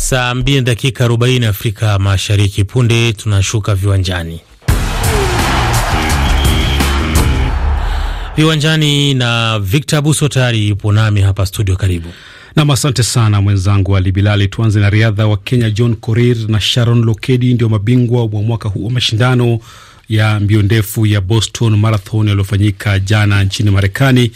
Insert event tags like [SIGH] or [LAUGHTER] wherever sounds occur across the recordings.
Saa mbili dakika arobaini Afrika Mashariki. Punde tunashuka viwanjani viwanjani na Victor Buso tayari yupo nami hapa studio. Karibu nam. Asante sana mwenzangu Ali Bilali. Tuanze na riadha wa Kenya, John Korir na Sharon Lokedi ndio mabingwa wa mwaka huu wa mashindano ya mbio ndefu ya Boston Marathon yaliyofanyika jana nchini Marekani.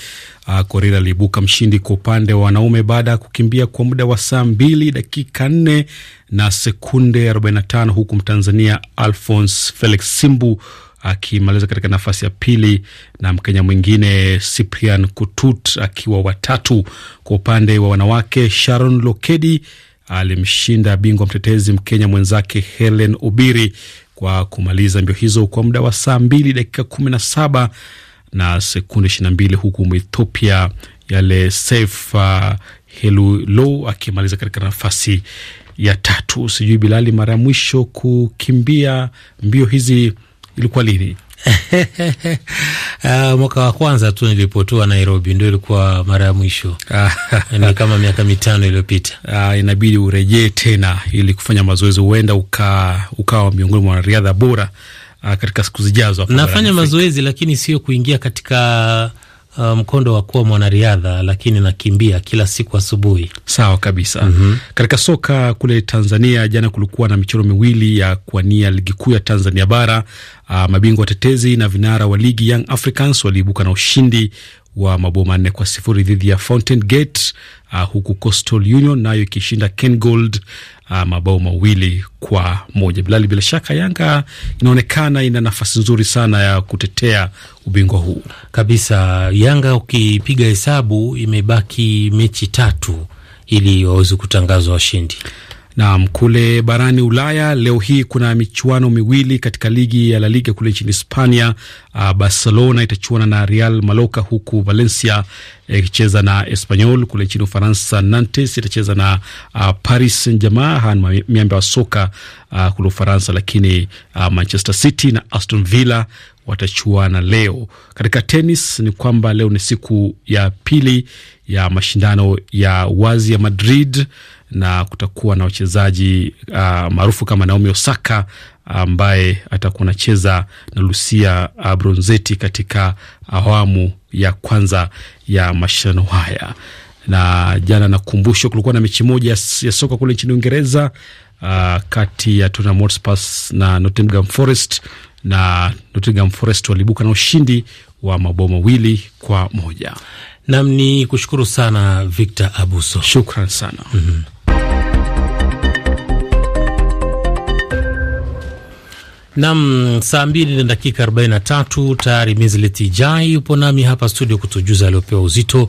Korir ah, aliibuka mshindi kwa upande wa wanaume baada ya kukimbia kwa muda wa saa mbili dakika nne na sekunde 45 huku Mtanzania Alphonse Felix Simbu akimaliza katika nafasi ya pili na Mkenya mwingine Cyprian Kutut akiwa watatu. Kwa upande wa wanawake, Sharon Lokedi alimshinda bingwa mtetezi Mkenya mwenzake Helen Obiri kwa kumaliza mbio hizo kwa muda wa saa mbili dakika kumi na saba na sekunde mbili huku Mwethiopia yale Saif uh, Helulo akimaliza katika nafasi ya tatu. Sijui Bilali, mara ya mwisho kukimbia mbio hizi ilikuwa lini? [LAUGHS] Uh, mwaka wa kwanza tu nilipotua Nairobi ndo ilikuwa mara ya mwisho. [LAUGHS] Ni kama miaka mitano iliyopita. Uh, inabidi urejee tena ili kufanya mazoezi, huenda ukawa uka miongoni mwa wanariadha bora Ah, katika siku zijazo. Nafanya mazoezi lakini sio kuingia katika uh, mkondo wa kuwa mwanariadha, lakini nakimbia kila siku asubuhi. Sawa kabisa. mm -hmm. Katika soka kule Tanzania jana kulikuwa na michoro miwili ya kuwania ligi kuu ya Tanzania bara. Uh, mabingwa watetezi na vinara wa ligi Young Africans waliibuka na ushindi wa mabao manne kwa sifuri dhidi ya Fountain Gate, uh, huku Coastal Union nayo ikishinda Ken Gold uh, mabao mawili kwa moja. Bilali, bila shaka Yanga inaonekana ina nafasi nzuri sana ya kutetea ubingwa huu kabisa. Yanga ukipiga hesabu imebaki mechi tatu ili waweze kutangazwa washindi. Naam, kule barani Ulaya leo hii kuna michuano miwili katika ligi ya La Liga kule nchini Hispania. Uh, Barcelona itachuana na Real maloka huku Valencia eh, ikicheza eh, na Espanyol. Kule nchini Ufaransa, Nantes itacheza na uh, Paris Saint-Germain. ni miamba wa soka uh, kule Ufaransa, lakini uh, Manchester City na Aston Villa watachuana leo. Katika tenis ni kwamba leo ni siku ya pili ya mashindano ya wazi ya Madrid na kutakuwa na wachezaji uh, maarufu kama Naomi Osaka ambaye atakuwa anacheza na Lucia uh, Bronzetti katika awamu ya kwanza ya mashindano haya. Na jana nakumbushwa, kulikuwa na mechi moja ya soka kule nchini Uingereza uh, kati ya Tottenham Hotspur na Nottingham Forest na Nottingham Forest walibuka na ushindi wa mabao mawili kwa moja. Nam ni kushukuru sana Victor Abuso, shukran sana mm -hmm. Nam, saa mbili na dakika 43 tayari. Mizleti Jai yupo nami hapa studio kutujuza aliopewa uzito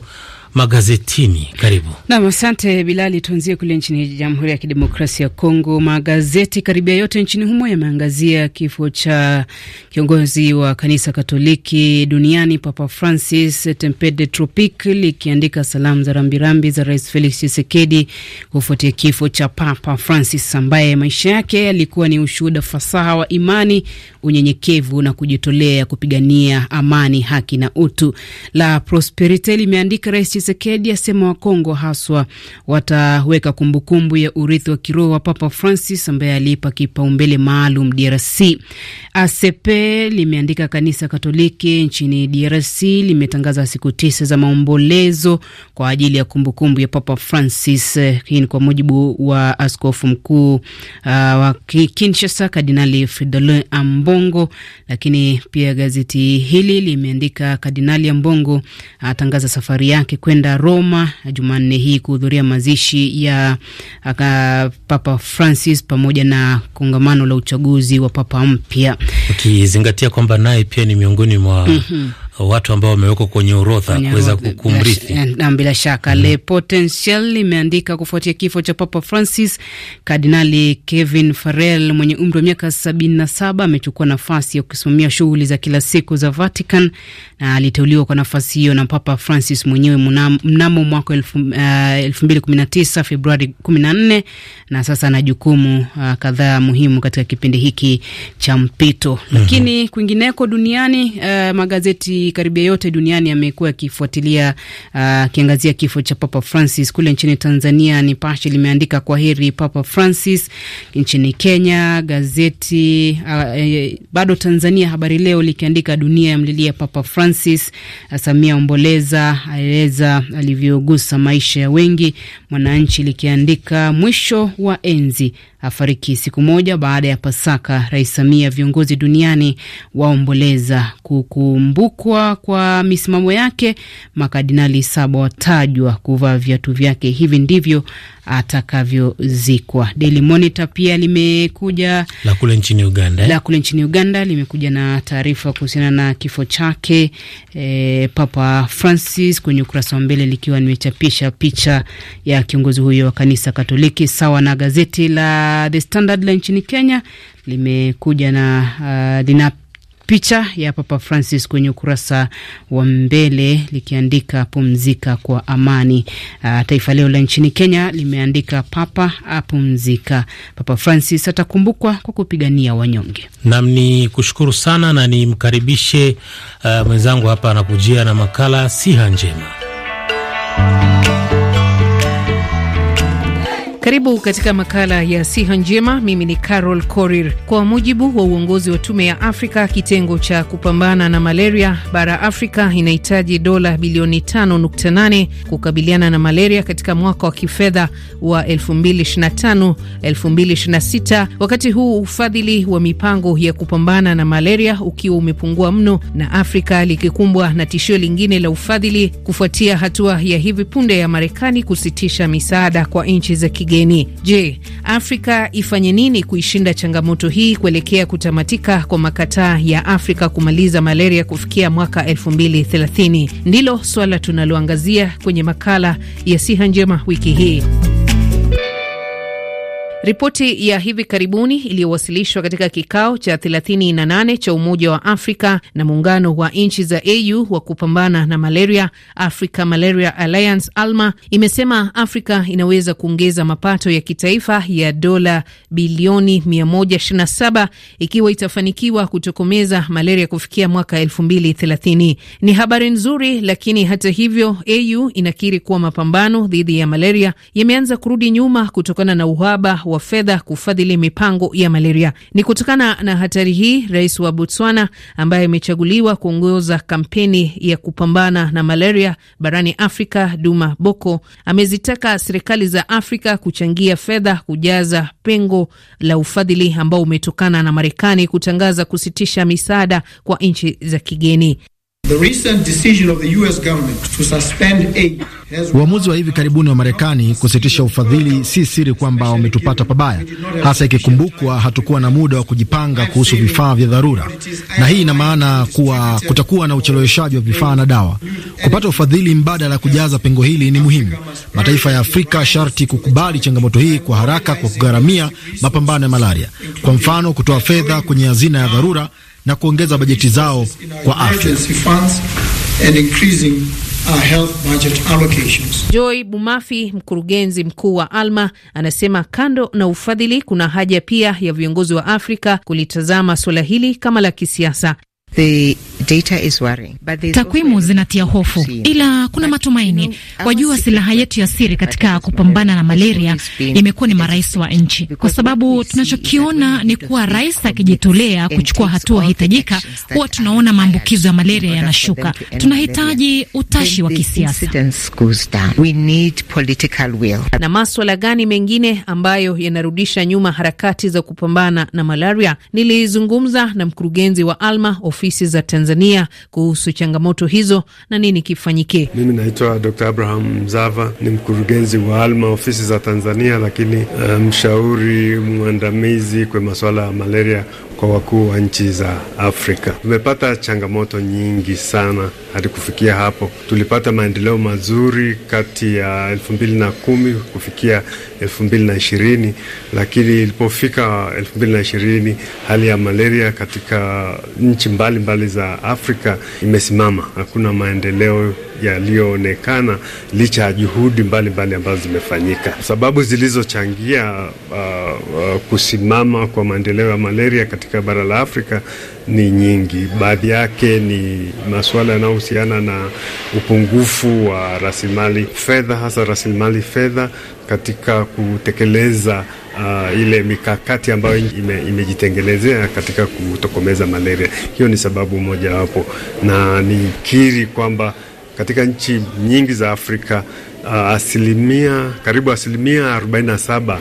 magazetini. Karibu nam. Asante Bilali, tuanzie kule nchini Jamhuri ya Kidemokrasia ya Kongo. Magazeti karibia yote nchini humo yameangazia kifo cha kiongozi wa kanisa Katoliki duniani Papa Francis, Tempede de Tropic likiandika salamu za rambirambi za Rais Felix Chisekedi kufuatia kifo cha Papa Francis ambaye maisha yake yalikuwa ni ushuhuda fasaha wa imani, unyenyekevu na kujitolea kupigania amani, haki na utu. La Prosperite limeandika Rais Chisekedi asema Wakongo haswa wataweka kumbukumbu ya urithi wa kiroho wa Papa Francis ambaye aliipa kipaumbele maalum DRC. ACP limeandika kanisa Katoliki nchini DRC limetangaza siku tisa za maombolezo kwa ajili ya kumbukumbu ya Papa Francis. Hii ni kwa mujibu wa askofu mkuu uh, wa Kinshasa Kardinali Fridolin Ambongo. Lakini pia gazeti hili limeandika Kardinali Ambongo atangaza safari yake kwenda Roma Jumanne hii kuhudhuria mazishi ya aka uh, Papa Francis pamoja na kongamano la uchaguzi wa papa mpya, ukizingatia kwamba naye pia ni miongoni mwa mm -hmm watu ambao wamewekwa kwenye orodha kuweza kumrithi. Na bila shaka mm. Le Potentiel limeandika kufuatia kifo cha Papa Francis, Kardinali Kevin Farrell mwenye umri wa miaka 77 amechukua nafasi ya kusimamia shughuli za kila siku za Vatican na aliteuliwa kwa nafasi hiyo na Papa Francis mwenyewe mnamo mwaka 2019 uh, Februari 14 na sasa ana jukumu uh, kadhaa muhimu katika kipindi hiki cha mpito. Mhm. Lakini mm -hmm. kwingineko duniani uh, magazeti karibia yote duniani yamekuwa yakifuatilia uh, akiangazia uh, kifo cha Papa Francis. Kule nchini Tanzania Nipashe limeandika kwa heri Papa Francis. Nchini Kenya gazeti uh, e, bado Tanzania Habari Leo likiandika dunia yamlilia Papa Francis. Uh, Samia omboleza, aeleza alivyogusa maisha ya wengi. Mwananchi likiandika mwisho wa enzi afariki siku moja baada ya Pasaka. Rais Samia, viongozi duniani waomboleza kukumbukwa kuwa kwa misimamo yake, makadinali saba watajwa kuvaa viatu vyake. Hivi ndivyo atakavyozikwa. Daily Monitor pia limekuja la kule nchini Uganda, eh? la kule nchini Uganda limekuja na taarifa kuhusiana na kifo chake e, Papa Francis kwenye ukurasa wa mbele likiwa limechapisha picha ya kiongozi huyo wa kanisa Katoliki sawa na gazeti la The Standard la nchini Kenya limekuja na uh, lina picha ya Papa Francis kwenye ukurasa wa mbele likiandika pumzika kwa amani. Uh, Taifa Leo la nchini Kenya limeandika papa apumzika. Papa Francis atakumbukwa kwa kupigania wanyonge. Nam ni kushukuru sana na nimkaribishe uh, mwenzangu hapa anakujia na makala siha njema karibu katika makala ya siha njema. Mimi ni Carol Korir. Kwa mujibu wa uongozi wa tume ya Afrika, kitengo cha kupambana na malaria bara Afrika inahitaji dola bilioni 5.8 kukabiliana na malaria katika mwaka wa kifedha wa 2025 2026, wakati huu ufadhili wa mipango ya kupambana na malaria ukiwa umepungua mno na Afrika likikumbwa na tishio lingine la ufadhili kufuatia hatua ya hivi punde ya Marekani kusitisha misaada kwa nchi za kigeni kigeni. Je, Afrika ifanye nini kuishinda changamoto hii kuelekea kutamatika kwa makataa ya Afrika kumaliza malaria kufikia mwaka 2030? Ndilo swala tunaloangazia kwenye makala ya siha njema wiki hii. Ripoti ya hivi karibuni iliyowasilishwa katika kikao cha 38 cha Umoja wa Afrika na muungano wa nchi za AU wa kupambana na malaria, Africa Malaria Alliance ALMA, imesema Afrika inaweza kuongeza mapato ya kitaifa ya dola bilioni 127 ikiwa itafanikiwa kutokomeza malaria kufikia mwaka 2030. Ni habari nzuri, lakini hata hivyo AU inakiri kuwa mapambano dhidi ya malaria yameanza kurudi nyuma kutokana na uhaba wa wa fedha kufadhili mipango ya malaria. Ni kutokana na hatari hii, rais wa Botswana ambaye amechaguliwa kuongoza kampeni ya kupambana na malaria barani Afrika, Duma Boko, amezitaka serikali za Afrika kuchangia fedha kujaza pengo la ufadhili ambao umetokana na Marekani kutangaza kusitisha misaada kwa nchi za kigeni. Uamuzi wa hivi karibuni wa Marekani kusitisha ufadhili, si siri kwamba wametupata pabaya, hasa ikikumbukwa hatukuwa na muda wa kujipanga kuhusu vifaa vya dharura, na hii ina maana kuwa kutakuwa na ucheleweshaji wa vifaa na dawa. Kupata ufadhili mbadala kujaza pengo hili ni muhimu. Mataifa ya Afrika sharti kukubali changamoto hii kwa haraka kwa kugharamia mapambano ya malaria, kwa mfano kutoa fedha kwenye hazina ya dharura na kuongeza bajeti zao kwa afya. Uh, Joy Bumafi, mkurugenzi mkuu wa Alma, anasema kando na ufadhili, kuna haja pia ya viongozi wa Afrika kulitazama suala hili kama la kisiasa. The takwimu zinatia hofu, ila kuna matumaini. Wajua, silaha yetu ya siri katika kupambana na malaria imekuwa ni marais wa nchi, kwa sababu tunachokiona ni kuwa rais akijitolea kuchukua hatua hitajika, huwa tunaona maambukizo ya malaria yanashuka. Tunahitaji utashi wa kisiasa. Na maswala gani mengine ambayo yanarudisha nyuma harakati za kupambana na malaria? Nilizungumza na mkurugenzi wa Alma ofisi za Tanzania kuhusu changamoto hizo na nini kifanyike. Mimi naitwa Dr. Abraham Mzava, ni mkurugenzi wa ALMA ofisi za Tanzania, lakini eh, mshauri um, mwandamizi kwa masuala ya malaria kwa wakuu wa nchi za Afrika. Tumepata changamoto nyingi sana hadi kufikia hapo. Tulipata maendeleo mazuri kati ya elfu mbili na kumi kufikia elfu mbili na ishirini lakini ilipofika elfu mbili na ishirini hali ya malaria katika nchi mbalimbali mbali za Afrika imesimama, hakuna maendeleo yaliyoonekana licha ya juhudi mbalimbali ambazo zimefanyika. Sababu zilizochangia uh, uh, kusimama kwa maendeleo ya malaria katika bara la Afrika ni nyingi. Baadhi yake ni masuala yanayohusiana na upungufu wa rasilimali fedha, hasa rasilimali fedha katika kutekeleza uh, ile mikakati ambayo ime, imejitengenezea katika kutokomeza malaria. Hiyo ni sababu mojawapo, na nikiri kwamba katika nchi nyingi za Afrika uh, asilimia karibu asilimia 47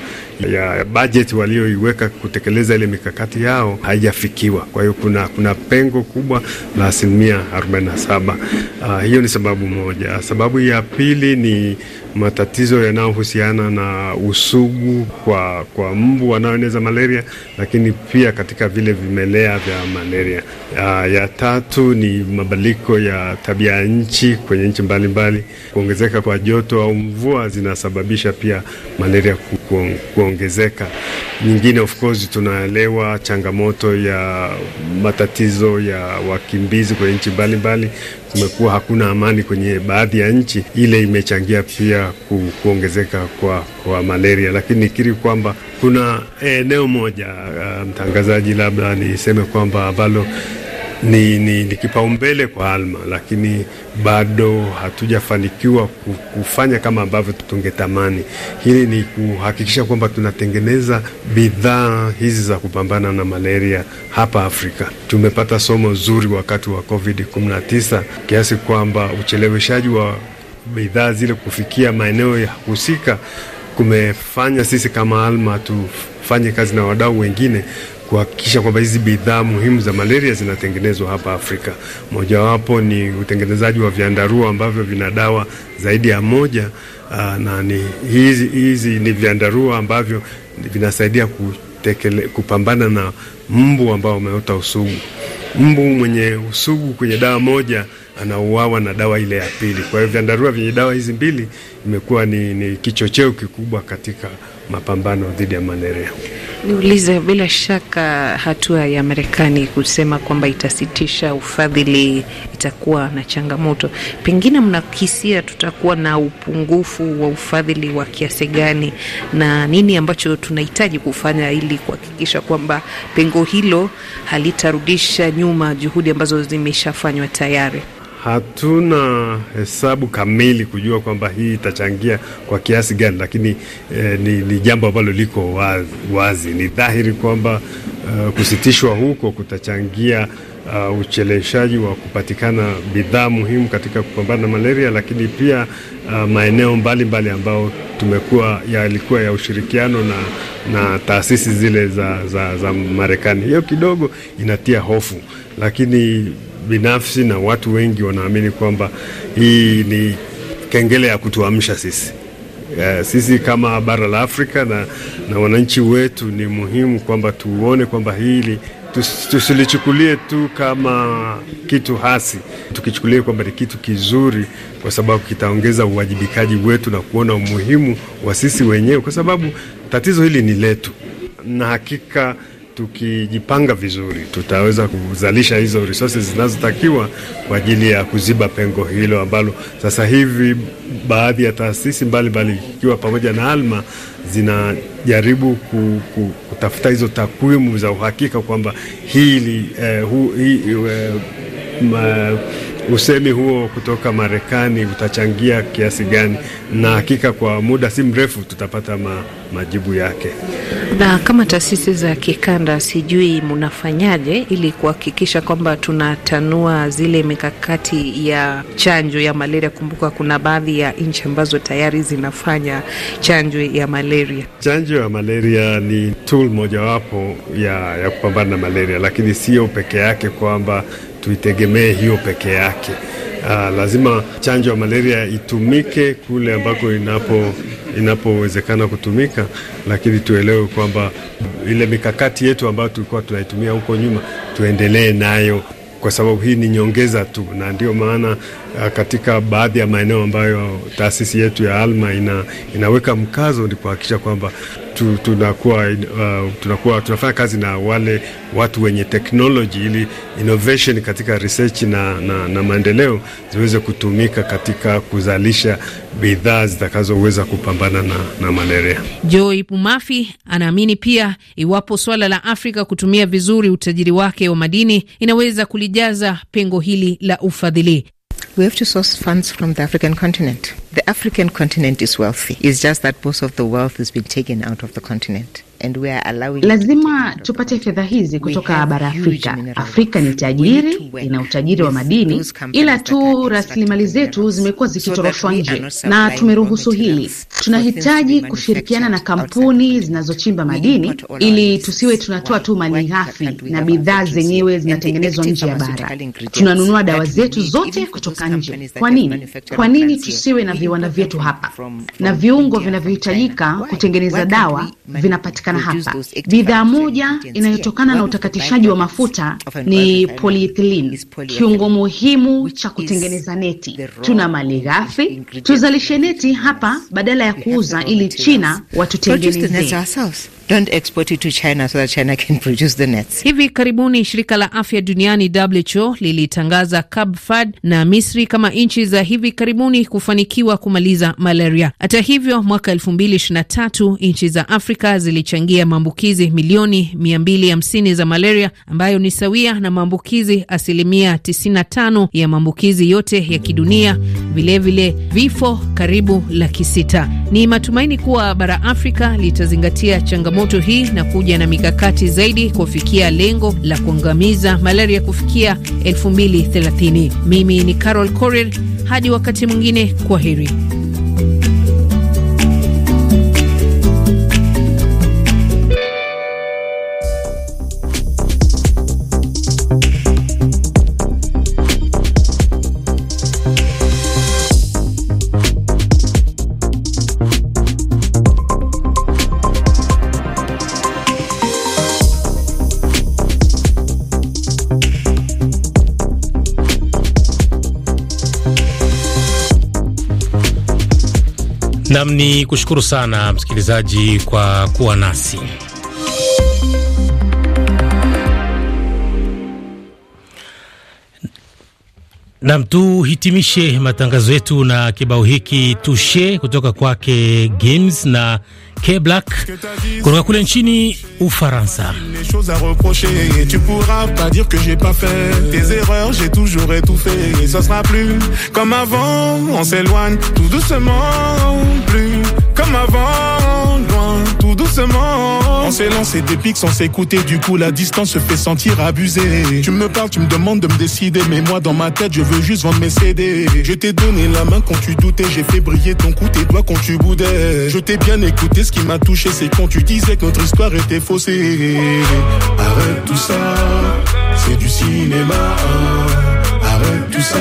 ya bajeti walioiweka kutekeleza ile mikakati yao haijafikiwa. Kwa hiyo kuna, kuna pengo kubwa la asilimia 47. Uh, hiyo ni sababu moja. Sababu ya pili ni matatizo yanayohusiana na usugu kwa, kwa mbu wanaoeneza malaria, lakini pia katika vile vimelea vya malaria. Aa, ah, ya tatu ni mabadiliko ya tabia ya nchi kwenye nchi mbalimbali. Kuongezeka kwa joto au mvua zinasababisha pia malaria ku kuongezeka. Nyingine of course, tunaelewa changamoto ya matatizo ya wakimbizi kwenye nchi mbalimbali. Kumekuwa hakuna amani kwenye baadhi ya nchi, ile imechangia pia ku, kuongezeka kwa, kwa malaria, lakini nikiri kwamba kuna eneo eh, moja uh, mtangazaji, labda niseme kwamba ambalo ni, ni, ni kipaumbele kwa Alma, lakini bado hatujafanikiwa kufanya kama ambavyo tungetamani. Hili ni kuhakikisha kwamba tunatengeneza bidhaa hizi za kupambana na malaria hapa Afrika. Tumepata somo zuri wakati wa COVID-19 kiasi kwamba ucheleweshaji wa bidhaa zile kufikia maeneo ya husika kumefanya sisi kama Alma tufanye kazi na wadau wengine kuhakikisha kwamba hizi bidhaa muhimu za malaria zinatengenezwa hapa Afrika. Mojawapo ni utengenezaji wa vyandarua ambavyo vina dawa zaidi ya moja. Aa, ah, na ni, hizi, hizi ni vyandarua ambavyo vinasaidia kutekele, kupambana na mbu ambao wameota usugu. Mbu mwenye usugu kwenye dawa moja anauawa na dawa ile ya pili. Kwa hiyo vyandarua vyenye dawa hizi mbili imekuwa ni, ni kichocheo kikubwa katika mapambano dhidi ya malaria. Niulize, bila shaka hatua ya Marekani kusema kwamba itasitisha ufadhili itakuwa na changamoto. Pengine mnakisia tutakuwa na upungufu wa ufadhili wa kiasi gani, na nini ambacho tunahitaji kufanya ili kuhakikisha kwamba pengo hilo halitarudisha nyuma juhudi ambazo zimeshafanywa tayari? hatuna hesabu kamili kujua kwamba hii itachangia kwa kiasi gani, lakini eh, ni, ni jambo ambalo liko wazi, wazi. Ni dhahiri kwamba uh, kusitishwa huko kutachangia uh, eh, ucheleshaji wa kupatikana bidhaa muhimu katika kupambana na malaria, lakini pia uh, maeneo mbalimbali ambayo tumekuwa yalikuwa ya ushirikiano na, na taasisi zile za, za, za Marekani, hiyo kidogo inatia hofu, lakini binafsi na watu wengi wanaamini kwamba hii ni kengele ya kutuamsha sisi ya, sisi kama bara la Afrika na, na wananchi wetu, ni muhimu kwamba tuone kwamba hili tusilichukulie tu kama kitu hasi, tukichukulie kwamba ni kitu kizuri, kwa sababu kitaongeza uwajibikaji wetu na kuona umuhimu wa sisi wenyewe, kwa sababu tatizo hili ni letu na hakika tukijipanga vizuri tutaweza kuzalisha hizo resources zinazotakiwa kwa ajili ya kuziba pengo hilo ambalo sasa hivi baadhi ya taasisi mbalimbali ikiwa pamoja na Alma zinajaribu ku, ku, kutafuta hizo takwimu za uhakika kwamba hili eh, hu, hi, eh, ma, usemi huo kutoka Marekani utachangia kiasi gani? Na hakika kwa muda si mrefu tutapata ma, majibu yake. Na kama taasisi za kikanda, sijui mnafanyaje ili kuhakikisha kwamba tunatanua zile mikakati ya chanjo ya malaria? Kumbuka kuna baadhi ya nchi ambazo tayari zinafanya chanjo ya malaria. Chanjo ya malaria ni tool mojawapo ya, ya kupambana na malaria, lakini sio peke yake kwamba tuitegemee hiyo peke yake. Aa, ah, lazima chanjo ya malaria itumike kule ambako inapo inapowezekana kutumika, lakini tuelewe kwamba ile mikakati yetu ambayo tulikuwa tunaitumia huko nyuma tuendelee nayo kwa sababu hii ni nyongeza tu, na ndio maana eh, katika baadhi ya maeneo ambayo taasisi yetu ya Alma ina, inaweka mkazo ni kuhakikisha kwamba tu, tunakuwa, uh, tunakuwa tunafanya kazi na wale watu wenye teknoloji ili innovation katika research na, na, na maendeleo ziweze kutumika katika kuzalisha bidhaa zitakazoweza kupambana na, na malaria. Joi Pumafi anaamini pia iwapo swala la Afrika kutumia vizuri utajiri wake wa madini inaweza kulijaza pengo hili la ufadhili. We have to source funds from the African continent. The African continent is wealthy. It's just that most of the wealth has been taken out of the continent. Lazima tupate fedha hizi kutoka bara Afrika. Afrika ni tajiri, ina utajiri wa madini, ila tu rasilimali zetu zimekuwa zikitoroshwa nje, na tumeruhusu hili. Tunahitaji kushirikiana na kampuni zinazochimba madini ili tusiwe tunatoa tu mali ghafi na bidhaa zenyewe zinatengenezwa nje ya bara. Tunanunua dawa zetu zote kutoka nje. Kwa nini? Kwa nini tusiwe na viwanda vyetu hapa, na viungo vinavyohitajika kutengeneza dawa vinapatikana inayopatikana hapa. Bidhaa moja inayotokana na utakatishaji wa mafuta ni polyethylene, kiungo muhimu cha kutengeneza neti. Tuna mali ghafi, tuzalishe neti hapa badala ya kuuza ili China watutengenezee. Don't export it to China so that China can [LAUGHS] produce the nets. Hivi karibuni shirika la afya duniani WHO lilitangaza Cab na Misri kama nchi za hivi karibuni kufanikiwa kumaliza malaria. Hata hivyo, mwaka 2023 nchi za Afrika zilichangia maambukizi milioni 250 za malaria ambayo ni sawia na maambukizi asilimia 95 ya maambukizi yote ya kidunia, vilevile vifo karibu laki sita. Ni matumaini kuwa bara Afrika litazingatia changamoto changamoto hii na kuja na mikakati zaidi kufikia lengo la kuangamiza malaria kufikia 2030. Mimi ni Carol Corel, hadi wakati mwingine, kwa heri. Nam ni kushukuru sana msikilizaji kwa kuwa nasi. Nam, tuhitimishe matangazo yetu na kibao hiki tushe kutoka kwake Games na est blackcoulin chini ou farnsa les choses à reprocher et tu pourras pas dire que j'ai pas fait des erreurs j'ai toujours étouffé et ce sera plus comme avant on s'éloigne tout doucement ou plus comme avant loin, tout doucement. On s'est lancé des pics sans s'écouter, du coup la distance se fait sentir abusée. Tu me parles, tu me demandes de me décider, mais moi dans ma tête, je veux juste vendre mes CD. Je t'ai donné la main quand tu doutais, j'ai fait briller ton coup tes doigts quand tu boudais. Je t'ai bien écouté, ce qui m'a touché, c'est quand tu disais que notre histoire était faussée. Arrête tout ça, c'est du cinéma. Arrête tout ça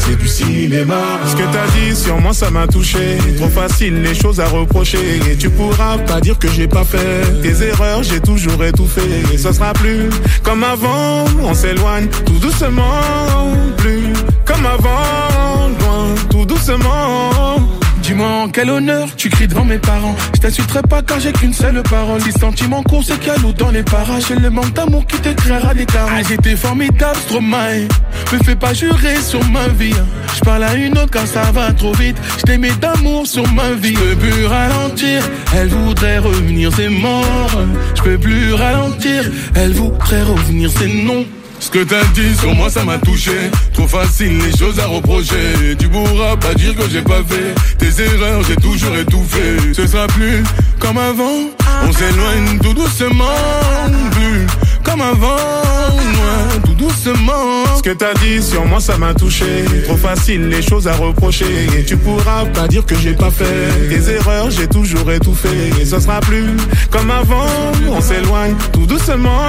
c'est du cinéma. Ce que t'as dit sur moi, ça m'a touché. Trop facile, les choses à reprocher. Et tu pourras pas dire que j'ai pas fait. Tes erreurs, j'ai toujours étouffé. Et ce sera plus comme avant. On s'éloigne tout doucement. Plus quel honneur tu cries devant mes parents. Je t'insulterai pas quand j'ai qu'une seule parole. Les sentiments courts, c'est qu'il y dans les parages. Le manque d'amour qui te créera des cartes. Ah, j'étais formidable, Stromae. Me fais pas jurer sur ma vie. Hein. Je parle à une autre quand ça va trop vite. Je t'aimais d'amour sur ma vie. Je peux plus ralentir, elle voudrait revenir, c'est mort. Je peux plus ralentir, elle voudrait revenir, c'est non. Ce que t'as dit sur moi ça m'a touché Trop facile les choses à reprocher Tu pourras pas dire que j'ai pas fait Tes erreurs j'ai toujours étouffé Ce sera plus comme avant On s'éloigne tout doucement Plus comme avant Tout doucement Ce que t'as dit sur moi ça m'a touché Trop facile les choses à reprocher Tu pourras pas dire que j'ai pas fait Tes erreurs j'ai toujours étouffé Ce sera plus comme avant On s'éloigne tout doucement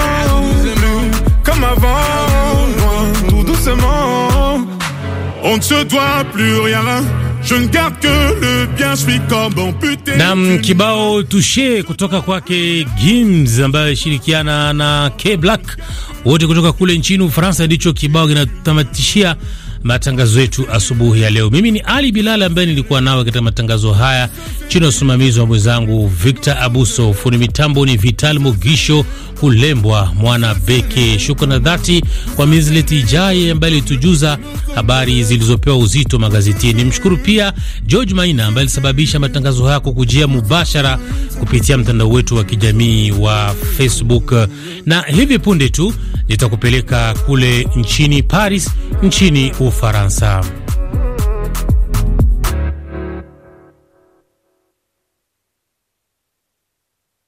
comme avant, loin, tout doucement. On ne se doit plus rien. Je ne garde que le bien, je suis comme bon putain. Nam kibao touché, kutoka kwake Gims ambaye shirikiana na K Black wote kutoka kule nchini Ufaransa, ndicho kibao kinatamatishia matangazo yetu asubuhi ya leo. Mimi ni Ali Bilal ambaye nilikuwa nawe katika matangazo haya chini ya usimamizi wa mwenzangu Victor Abuso. Fundi mitambo ni Vital Mugisho Kulembwa Mwana Beke. Shukrani dhati kwa Mizleti Ijaye ambaye alitujuza habari zilizopewa uzito magazetini. Mshukuru pia George Maina ambaye alisababisha matangazo haya kukujia mubashara kupitia mtandao wetu wa kijamii wa Facebook, na hivi punde tu nitakupeleka kule nchini Paris nchini u Ufaransa.